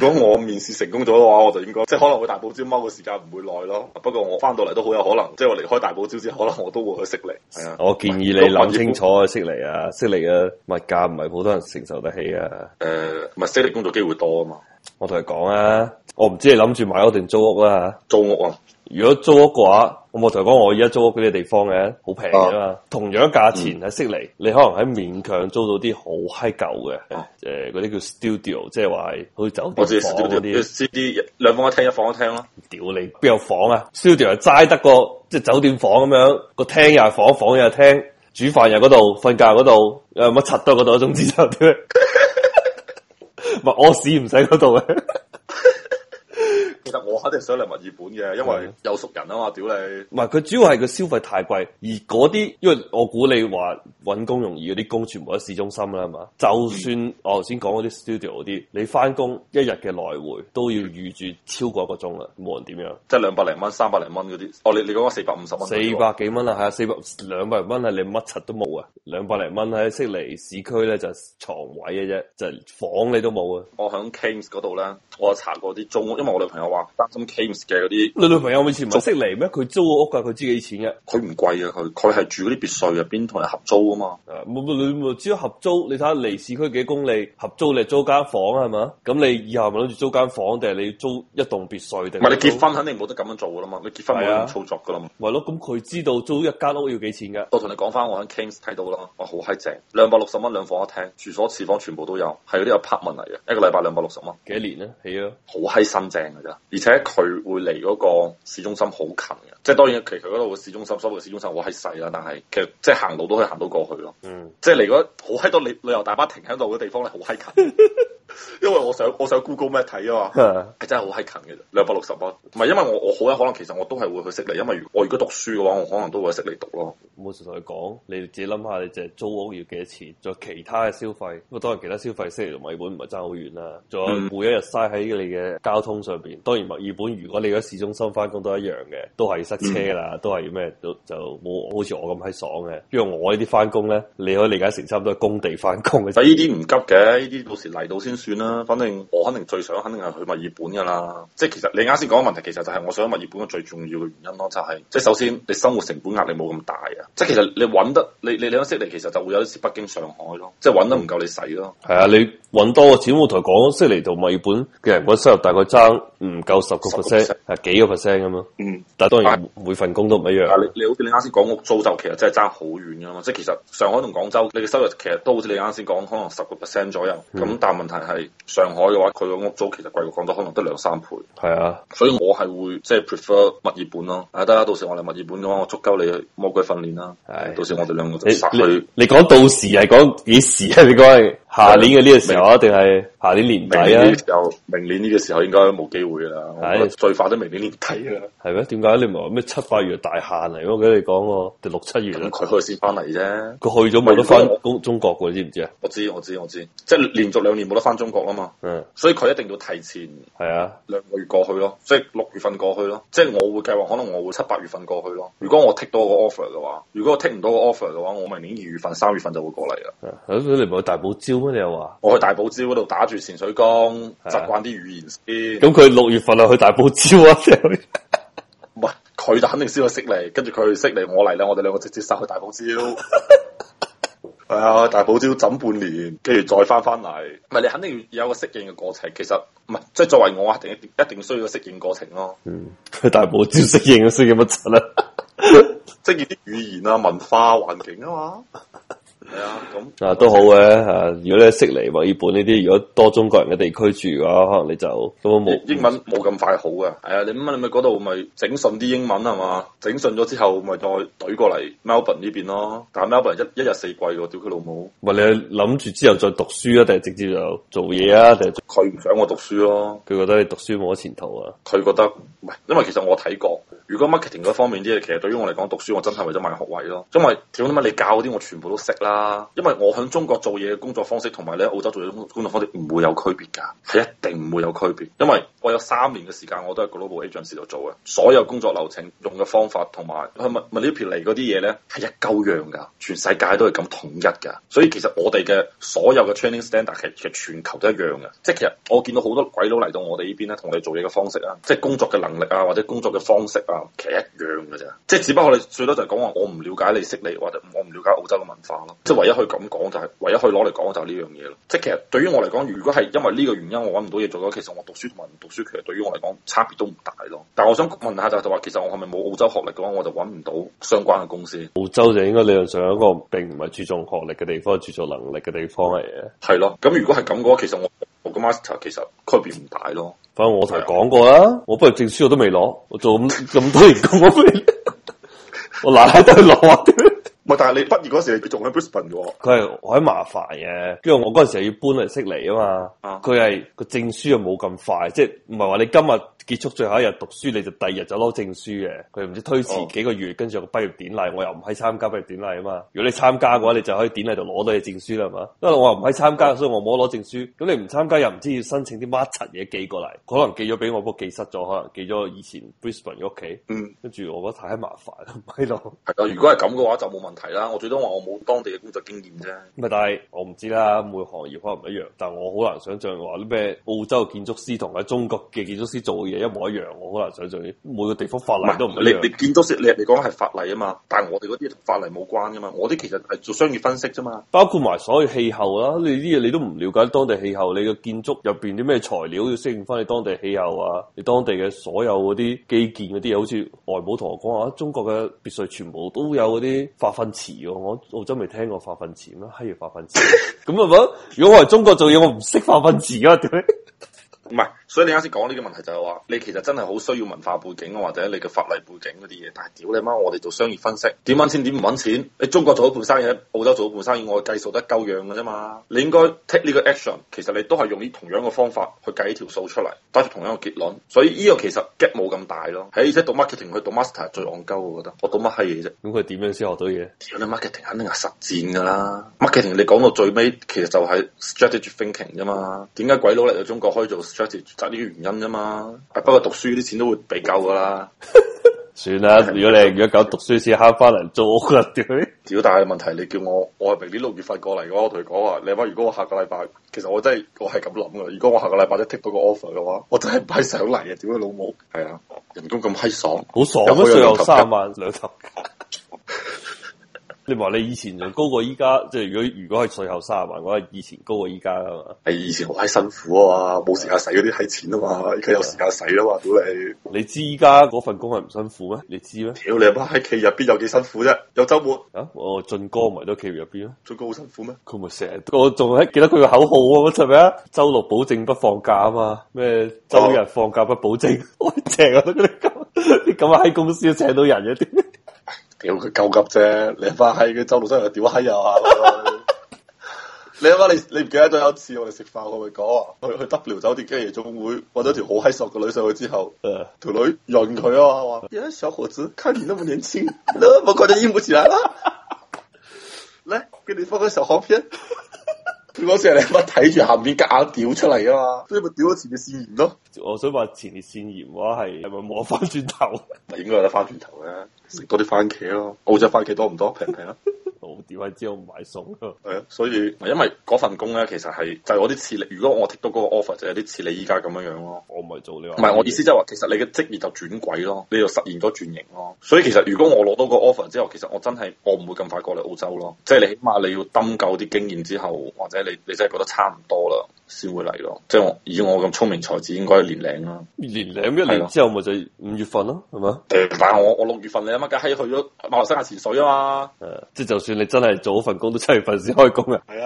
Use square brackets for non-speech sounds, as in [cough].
如果我面試成功咗嘅話，我就應該即係可能會大堡礁踎嘅時間唔會耐咯。不過我翻到嚟都好有可能，即係我離開大堡礁之後，可能我都會去悉尼。係啊，我建議是你諗清楚，悉尼啊，悉尼嘅物價唔係普通人承受得起啊。誒、呃，唔係悉尼工作機會多啊嘛。我同你講啊，我唔知你諗住買屋定租屋啊？租屋啊！如果租屋嘅話，我冇同你講我而家租屋嗰啲地方嘅，好平嘅嘛。啊、同樣價錢喺悉尼，你可能喺勉強租到啲、啊呃、好嗨舊嘅，誒嗰啲叫 studio，即係話係好似酒店房嗰啲 studio 兩房一廳，一房一廳咯。屌你邊有房啊？studio 係齋得個即係、就是、酒店房咁樣，個廳又係房，房又係廳，煮飯又嗰度，瞓覺嗰度，乜柒都喺嗰度，總之就唔係屙屎唔使嗰度嘅。 [laughs] [laughs] [laughs] [laughs] 其實我肯定想嚟墨爾本嘅，因為有熟人啊嘛，嗯、屌你！唔係佢主要係佢消費太貴，而嗰啲，因為我估你話搵工容易，嗰啲工全部喺市中心啦，係嘛？就算我頭先講嗰啲 studio 嗰啲，你翻工一日嘅來回都要預住超過一個鐘啦，冇人點樣？即係兩百零蚊、三百零蚊嗰啲。哦，你你講個四百五十蚊，四百幾蚊啦，係啊，四百兩百蚊係你乜柒都冇啊，兩百零蚊喺悉尼市區咧就係床位嘅啫，就係房你都冇啊。我響 Kings 嗰度咧，我就查過啲租屋，因為我女朋友話。擔心 Cairns 嘅嗰啲，啊、你女朋友唔係唔識嚟咩？佢租屋，屋租啊，佢知幾錢嘅？佢唔貴啊，佢佢係住嗰啲別墅入邊同人合租啊嘛。冇冇你冇只要合租，你睇下離市區幾公里，合租你租間房係嘛？咁你以後咪諗住租間房，定係你租一棟別墅？唔係你，你結婚肯定冇得咁樣做噶啦嘛，你結婚冇咁樣操作噶啦嘛。係咯，咁佢知道租一間屋要幾錢嘅。我同你講翻我喺 Cairns 睇到啦，我好閪正，兩百六十蚊兩房一廳，住所，所，所、廚房全部都有，係嗰啲 apartment 嚟嘅，一個禮拜兩百六十蚊。幾多年咧？係啊，好閪心正噶咋～、啊而且佢會離嗰個市中心好近嘅，即係當然，其實佢嗰度嘅市中心，所謂市中心，好閪細啦，但係其實即係行路都可以行到過去咯。嗯，即係離嗰好閪多旅旅遊大巴停喺度嘅地方咧，好閪近。 [laughs] 因為我想我上 Google Map 睇啊嘛，係 [laughs] 真係好嗨近嘅啫，兩百六十蚊。唔係因為我我好有可能其實我都係會去悉尼，因為如我如果讀書嘅話，我可能都會去悉尼讀咯。冇事同佢講，你自己諗下，你淨係租屋要幾多錢，仲有其他嘅消費。咁當然其他消費悉尼同墨爾本唔係爭好遠啦。仲有每一日嘥喺你嘅交通上邊。當然墨爾本如果你喺市中心翻工都一樣嘅，都係塞車㗎啦、嗯，都係咩就冇好似我咁閪爽嘅。因為我呢啲翻工咧，你可以理解成差唔多係工地翻工。但係呢啲唔急嘅，呢啲到時嚟到先。 [music] 算啦，反正我肯定最想，肯定係去墨爾本噶啦。即係其實你啱先講嘅問題，其實就係我想去墨爾本嘅最重要嘅原因咯，就係即係首先你生活成本壓力冇咁大啊。即係其實你揾得你你你喺悉尼其實就會有啲似北京上海咯，即係揾得唔夠你使咯。係啊，你揾多嘅錢，我同你講悉尼到墨爾本嘅人均收入大概爭唔夠十個 percent 啊幾個 percent 咁嘛。嗯、但係當然每份工都唔一樣你你你。你好似你啱先講屋租就其實真係爭好遠噶嘛。即係其實上海同廣州你嘅收入其實都好似你啱先講可能十個 percent 左右。咁、嗯、但係問題係。係上海嘅話，佢個屋租其實貴過廣州，可能得兩三倍。係啊，所以我係會即係、就是、prefer 墨爾本咯，啊。啊得啦，到時我嚟墨爾本嘅話，我足夠你魔鬼訓練啦。係、啊，到時我哋兩個就殺佢。你講到時係講幾時啊？你講。下年嘅呢個時候，定係下年年底啊？候，明年呢個時候應該冇機會啦。係的最快都明年年底啦。係咩？點解你唔係話咩七、八月大限嚟？我俾你講個，六七月。佢佢先翻嚟啫。佢去咗冇得翻中中國嘅，你知唔知啊？我知，我知，我知。即係連續兩年冇得翻中國啦嘛。嗯的。所以佢一定要提前。係啊。兩個月過去咯，即係的六月份過去咯。即係我會計劃，可能我會七八月份過去咯。如果我剔 a 到個 offer 嘅話，如果我剔唔到個 offer 嘅話, off、er、話，我明年二月份、三月份就會過嚟啦。誒，你咪係大寶招的你又話我去大堡礁嗰度打住潛水缸，習慣啲語言先。咁佢六月份啊ス alright.、嗯嗯、去大堡礁 [laughs] [laughs] 啊，唔係佢，肯定先去悉尼，跟住佢去悉尼我嚟啦，我哋兩個直接殺去大堡礁。係啊，大堡礁浸半年，跟住再翻翻嚟。唔係 [laughs] 你肯定要有一個適應嘅過程。其實唔係，即係、就是、作為我一定一定需要個適應過程咯。嗯，去大堡礁適應，適應乜柒咧？即係啲語言啊，文化環境啊嘛。係啊，咁啊都好嘅、啊、吓、嗯啊。如果你識嚟 Melbourne 呢啲，如果多中國人嘅地區住嘅話，可能你就咁冇英文冇咁快好嘅。係啊，你咁啊，你咪嗰度咪整順啲英文係嘛？整順咗之後咪再懟過嚟 Melbourne 呢邊咯。但係 Melbourne 一一,一日四季嘅，屌佢老母！喂、啊，你諗住之後再讀書啊，定係直接就做嘢啊？定係佢唔想我讀書咯、啊？佢覺得你讀書冇乜前途啊？佢覺得唔係，因為其實我睇過，如果 marketing 嗰方面啲嘢，其實對於我嚟講，讀書我真係為咗買學位咯。因為點解你教啲我全部都識啦。啊，因為我喺中國做嘢嘅工作方式，同埋你喺澳洲做嘢工工作方式唔會有區別噶，係一定唔會有區別。因為我有三年嘅時間，我都喺嗰個 local agency 度做嘅，所有工作流程用嘅方法同埋去 multiply 嚟嗰啲嘢咧，係一舊樣噶，全世界都係咁統一噶。所以其實我哋嘅所有嘅 training standard 其實全球都一樣嘅，即係其實我見到好多鬼佬嚟到我哋呢邊咧，同你做嘢嘅方式啊，即係工作嘅能力啊，或者工作嘅方式啊，其實一樣噶啫。即係只不過我哋最多就係講話我唔了解你識你，或者我唔了解澳洲嘅文化咯。即係唯一可以咁講就係、是，唯一可以攞嚟講就係呢樣嘢咯。即係其實對於我嚟講，如果係因為呢個原因我搵唔到嘢做嘅話，其實我讀書同埋唔讀書，其實對於我嚟講差別都唔大咯。但係我想問下就係話，其實我係咪冇澳洲學歷嘅話，我就搵唔到相關嘅公司？澳洲就應該理論上一個並唔係注重學歷嘅地方，係注重能力嘅地方嚟嘅。係咯，咁如果係咁嘅話，其實我我個 master 其實區別唔大咯。反正我同你講過啦，的我不係證書我都未攞，我做咁多年咁 [laughs] [laughs] [laughs] 我咩？我難下都係攞。但係你畢業嗰時你仲喺 Brisbane 嘅喎。佢係好麻煩嘅，因為我嗰陣時候要搬嚟悉尼啊嘛。佢係、啊個證書又冇咁快，即係唔係話你今日結束最後一日讀書，你就第二日就攞證書嘅？佢唔知推遲幾個月，跟住、啊、個畢業典禮我又唔喺參加畢業典禮啊嘛。如果你參加嘅話，你就可以典禮度攞到你證書啦，係嘛？因為我又唔喺參加，啊、所以我冇攞證書。咁你唔參加又唔知要申請啲乜柒嘢寄過嚟，可能寄咗俾我，不過寄失咗，可能寄咗以前 Brisbane 嘅屋企。嗯，跟住我覺得太麻煩，咪咯、嗯。係咯， [laughs] 如果係咁嘅話就，就冇問係啦，我最多話我冇當地嘅工作經驗啫。唔係，但係我唔知啦。每個行業可能唔一樣，但係我好難想象話啲咩澳洲建築師同喺中國嘅建築師做嘅嘢一模一樣。我好難想象。每個地方法例都唔一樣。你，你建築師，你嚟講係法例啊嘛，但係我哋嗰啲同法例冇關㗎嘛。我啲其實係做商業分析啫嘛。包括埋所有氣候啦，你啲嘢你都唔了解當地氣候，你嘅建築入邊啲咩材料要適應翻你當地氣候啊？你當地嘅所有嗰啲基建嗰啲嘢，好似外母同我講話，中國嘅別墅全部都有嗰啲發我澳洲未聽過化糞池咩？閪嘢化糞池，咁係咪？如果我嚟中國做嘢，我唔識化糞池啊？點所以你啱先講呢個問題就係話，你其實真係好需要文化背景或者你嘅法例背景嗰啲嘢，但係屌你媽，我哋做商業分析點揾錢點唔揾錢？你、哎、中國做咗半生意，澳洲做咗半生意，我計數得夠樣嘅啫嘛。你應該 take 呢個 action，其實你都係用啲同樣嘅方法去計條數出嚟，得出同樣嘅結論。所以呢個其實 gap 冇咁大咯。喺、就、即、是、係讀 marketing 去讀 master 最戇鳩，我覺得我讀乜閪嘢啫。咁佢點樣先學到嘢？屌你 marketing 肯定係實戰㗎啦。marketing 你講到最尾其實就係 strategy thinking 啫嘛。點解鬼佬嚟到中國可以做 strategy？呢啲原因啫嘛，不、啊、過讀書啲錢都會俾夠噶啦。 [laughs] 算啦了，如果你 [laughs] [laughs] 如果搞讀書先慳翻嚟租屋嘅，屌，屌大嘅問題，你叫我，我係明年六月份過嚟嘅話，我同佢講話，你話，如果我下個禮拜，其實我真係我係咁諗嘅。如果我下個禮拜都 take 到一個 offer 嘅話，我真係唔係上嚟啊！屌你老母！係啊，人工咁嗨爽、啊，好爽，有乜稅又三萬兩頭你話你以前就高過依家，即係如果如果係稅後卅萬，我係以前高過依家噶嘛？係以前我喺辛苦啊，冇時間使嗰啲係錢啊嘛，而家的有時間使啦嘛，屌你你知依家嗰份工係唔辛苦咩？你知咩？屌你媽喺企入邊有幾辛苦啫、啊？有周末啊？我俊哥唔係都企入邊咯，俊哥好辛苦咩？佢咪成日我仲喺記得佢個口號啊？係咪啊？周六保證不放假啊嘛？咩周日放假不保證？ [laughs] 我正啊都咁， [laughs] 你咁啊喺公司請到人嘅點？屌佢鳩急啫，你阿媽喺佢周到真係屌閪又啊！你阿媽你你唔記得咗有一次我哋食飯，我咪講啊，去去 W 酒店嘅夜總會揾咗條好閪索嘅女上去之後，條女認佢啊，話、欸：，小伙子，看你那麼年輕，那麼快就應付起來啦！來，給你放個小黃片。嗰時係你乜睇住下面夾硬屌出嚟啊嘛，所以咪屌咗前列腺炎咯、啊。我想話前列腺炎，話係係咪摸翻轉頭？ [laughs] 應該有得翻轉頭嘅。食多啲番茄咯。澳洲番茄多唔多？平唔平啊？ [laughs] 我點係知我買餸？係啊， [noise] 所以因為嗰份工咧，其實係就係、是、我啲似你。如果我 take 到嗰個 offer，就有啲似你依家咁樣樣咯。我唔係做你話唔係，我意思即係話，其實你嘅職業就轉軌咯，你又實現咗轉型咯。所以其實如果我攞到個 offer 之後，其實我真係我唔會咁快過嚟澳洲咯。即、就、係、是、你起碼你要揼夠啲經驗之後，或者你你真係覺得差唔多啦。先會，嚟咯，即係我以我咁聰明才智，應該年零啦、啊，年零齡、啊、一年之後咪就五月份咯，係嘛？但係我我六月份你阿媽梗係去咗馬來西亞潛水啊嘛，嗯、即係就算你真係做咗份工，都七月份先開工啊。 [laughs]